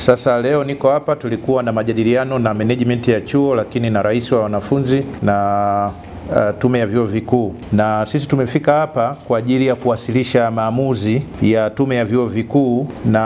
Sasa leo niko hapa, tulikuwa na majadiliano na management ya chuo, lakini na rais wa wanafunzi na Uh, tume ya vyuo vikuu na sisi tumefika hapa kwa ajili ya kuwasilisha maamuzi ya tume ya vyuo vikuu, na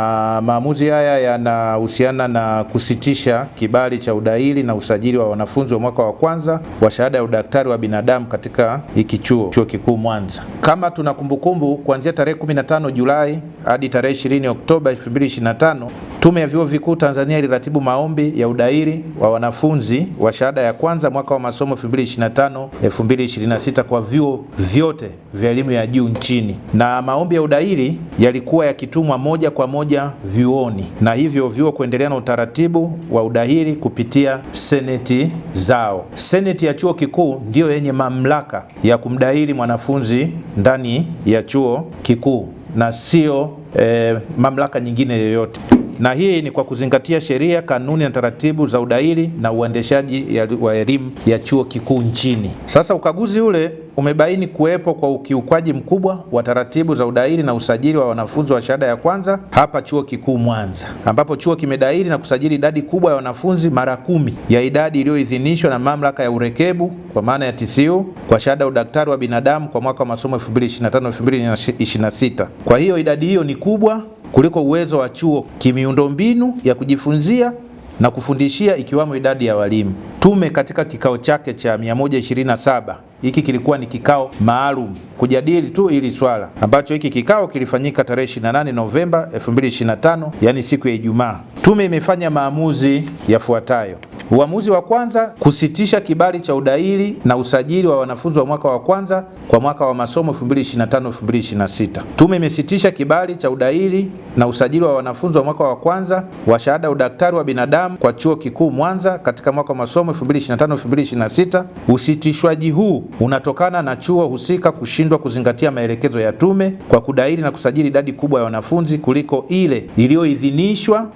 maamuzi haya yanahusiana na kusitisha kibali cha udahili na usajili wa wanafunzi wa mwaka wa kwanza wa shahada ya udaktari wa binadamu katika hiki chuo chuo kikuu Mwanza. Kama tuna kumbukumbu, kuanzia tarehe 15 Julai hadi tarehe 20 Oktoba 2025 Tume ya Vyuo Vikuu Tanzania iliratibu maombi ya udairi wa wanafunzi wa shahada ya kwanza mwaka wa masomo 2025 2026 kwa vyuo vyote vya elimu ya juu nchini, na maombi ya udairi yalikuwa yakitumwa moja kwa moja vyuoni, na hivyo vyuo kuendelea na utaratibu wa udahiri kupitia seneti zao. Seneti ya chuo kikuu ndiyo yenye mamlaka ya kumdairi mwanafunzi ndani ya chuo kikuu na sio eh, mamlaka nyingine yoyote na hii ni kwa kuzingatia sheria, kanuni na taratibu za udahili na uendeshaji wa elimu ya chuo kikuu nchini. Sasa ukaguzi ule umebaini kuwepo kwa ukiukwaji mkubwa wa taratibu za udahili na usajili wa wanafunzi wa shahada ya kwanza hapa Chuo Kikuu Mwanza, ambapo chuo kimedahili na kusajili idadi kubwa ya wanafunzi mara kumi ya idadi iliyoidhinishwa na mamlaka ya urekebu kwa maana ya TCU kwa shahada ya udaktari wa binadamu kwa mwaka wa masomo 2025-2026. Kwa hiyo idadi hiyo ni kubwa kuliko uwezo wa chuo kimiundombinu ya kujifunzia na kufundishia ikiwamo idadi ya walimu. Tume katika kikao chake cha 127 hiki kilikuwa ni kikao maalum kujadili tu hili swala, ambacho hiki kikao kilifanyika tarehe 28 Novemba 2025, yani siku ya Ijumaa. Tume imefanya maamuzi yafuatayo. Uamuzi wa kwanza, kusitisha kibali cha udahili na usajili wa wanafunzi wa mwaka wa kwanza kwa mwaka wa masomo 2025-2026. Tume imesitisha kibali cha udahili na usajili wa wanafunzi wa mwaka wa kwanza wa shahada udaktari wa binadamu kwa Chuo Kikuu Mwanza katika mwaka wa masomo 2025-2026. Usitishwaji huu unatokana na chuo husika kushindwa kuzingatia maelekezo ya tume kwa kudahili na kusajili idadi kubwa ya wanafunzi kuliko ile iliyoidhinishwa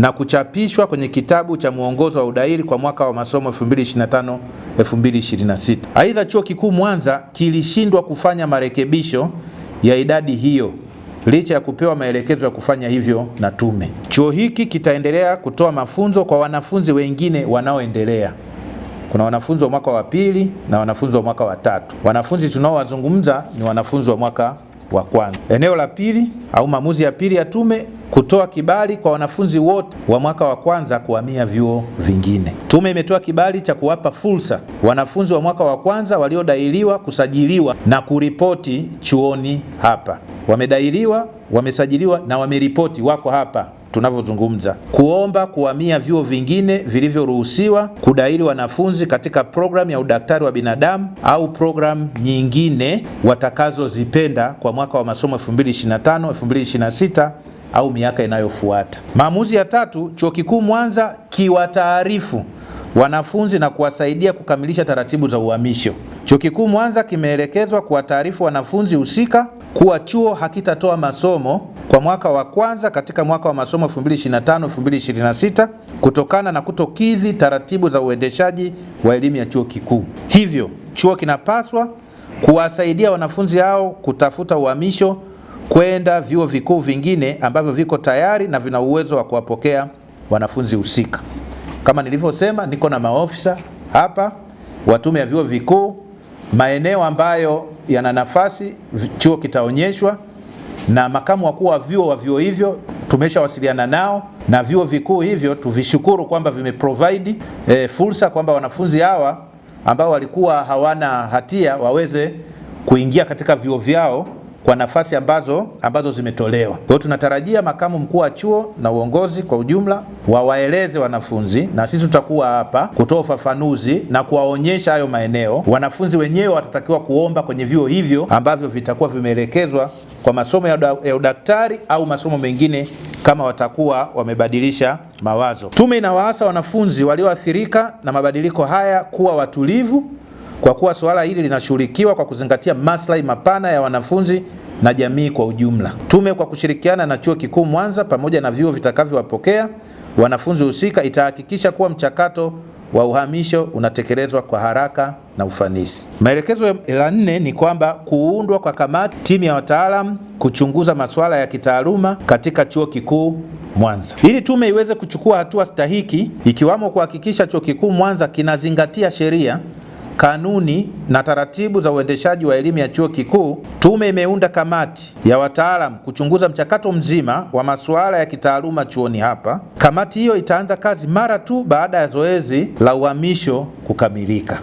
na kuchapishwa kwenye kitabu cha mwongozo wa udairi kwa mwaka wa masomo 2025 2026. Aidha, chuo kikuu Mwanza kilishindwa kufanya marekebisho ya idadi hiyo licha ya kupewa maelekezo ya kufanya hivyo na tume. Chuo hiki kitaendelea kutoa mafunzo kwa wanafunzi wengine wanaoendelea. Kuna wanafunzi wa mwaka wa pili na wanafunzi wa mwaka wa tatu. Wanafunzi tunaowazungumza ni wanafunzi wa mwaka wa kwanza. Eneo la pili au maamuzi ya pili ya tume kutoa kibali kwa wanafunzi wote wa mwaka wa kwanza kuhamia vyuo vingine. Tume imetoa kibali cha kuwapa fursa wanafunzi wa mwaka wa kwanza waliodailiwa kusajiliwa na kuripoti chuoni hapa. Wamedailiwa, wamesajiliwa na wameripoti, wako hapa tunavyozungumza, kuomba kuhamia vyuo vingine vilivyoruhusiwa, kudaili wanafunzi katika programu ya udaktari wa binadamu au programu nyingine watakazozipenda kwa mwaka wa masomo 2025 2026 au miaka inayofuata. Maamuzi ya tatu, Chuo Kikuu Mwanza kiwataarifu wanafunzi na kuwasaidia kukamilisha taratibu za uhamisho. Chuo Kikuu Mwanza kimeelekezwa kuwataarifu wanafunzi husika kuwa chuo hakitatoa masomo kwa mwaka wa kwanza katika mwaka wa masomo 2025 2026 kutokana na kutokidhi taratibu za uendeshaji wa elimu ya chuo kikuu. Hivyo chuo kinapaswa kuwasaidia wanafunzi hao kutafuta uhamisho kwenda vyuo vikuu vingine ambavyo viko tayari na vina uwezo wa kuwapokea wanafunzi husika. Kama nilivyosema, niko na maofisa hapa wa tume ya vyuo vikuu maeneo ambayo yana nafasi, chuo kitaonyeshwa na makamu wakuu wa vyuo wa vyuo hivyo tumeshawasiliana nao, na vyuo vikuu hivyo tuvishukuru kwamba vimeprovide e, fursa kwamba wanafunzi hawa ambao walikuwa hawana hatia waweze kuingia katika vyuo vyao kwa nafasi ambazo, ambazo zimetolewa. Kwa hiyo tunatarajia makamu mkuu wa chuo na uongozi kwa ujumla wawaeleze wanafunzi, na sisi tutakuwa hapa kutoa ufafanuzi na kuwaonyesha hayo maeneo. Wanafunzi wenyewe watatakiwa kuomba kwenye vyuo hivyo ambavyo vitakuwa vimeelekezwa kwa masomo ya udaktari au masomo mengine kama watakuwa wamebadilisha mawazo. Tume inawaasa wanafunzi walioathirika na mabadiliko haya kuwa watulivu kwa kuwa suala hili linashughulikiwa kwa kuzingatia maslahi mapana ya wanafunzi na jamii kwa ujumla. Tume kwa kushirikiana na Chuo Kikuu Mwanza pamoja na vyuo vitakavyowapokea wanafunzi husika itahakikisha kuwa mchakato wa uhamisho unatekelezwa kwa haraka na ufanisi. Maelekezo la nne ni kwamba kuundwa kwa kamati timu ya wataalamu kuchunguza masuala ya kitaaluma katika Chuo Kikuu Mwanza ili tume iweze kuchukua hatua stahiki ikiwamo kuhakikisha Chuo Kikuu Mwanza kinazingatia sheria kanuni na taratibu za uendeshaji wa elimu ya chuo kikuu, tume imeunda kamati ya wataalamu kuchunguza mchakato mzima wa masuala ya kitaaluma chuoni hapa. Kamati hiyo itaanza kazi mara tu baada ya zoezi la uhamisho kukamilika.